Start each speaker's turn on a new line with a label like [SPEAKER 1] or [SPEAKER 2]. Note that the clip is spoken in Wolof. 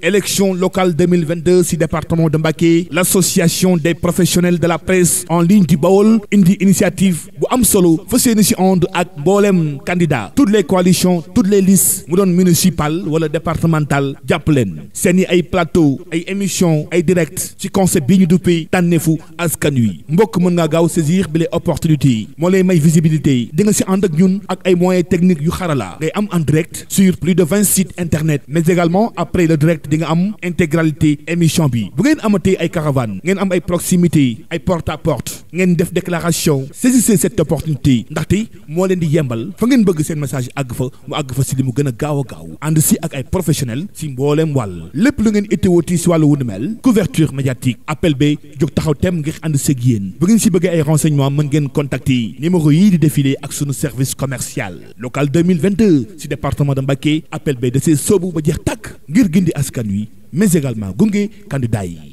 [SPEAKER 1] élection locale 2022 ci département de Mbacké l'association des professionnels de la presse en ligne du Baol indi initiative bu am solo fa seeni ci ànd ak mboolem candidat toutes les coalitions toutes les listes mu doon municipal wala départemental jàpp leen seeni ay plateau ay émissions ay directes ci concept bi ñu duppee tànneefu askan wi mbokk mën nga gaaw saisir bi les opportunités moo lay may visibilité di nga ci ànd ak ñun ak ay moyen techniques yu xarala ngay am en sur plus de vingt sites internet mais également après le direct di nga am intégralité émission bi bu ngeen amatee ay caravane ngeen am ay proximité ay porte à porte ngeen def déclaration saisissez cette opportunité ndaxte moo leen di yembal fa ngeen bëgg seen message àgg fa mu àgg fa si li mu gën gaaw a gaaw ànd si ak ay professionnels si mbooleem wàll lépp lu ngeen ittewooti si wàllu wu ni mel couverture médiatique appel ba jóg taxaw tem ngir ànd seeg yéen bu ngeen si bëggee ay renseignements mën ngeen contacter numéro yii di défilé ak sunu service commercial local 2022 si département de Mbacké appel ba da ba jeex tàkk ngir gindi askan
[SPEAKER 2] wi mais également gunge candidat yi.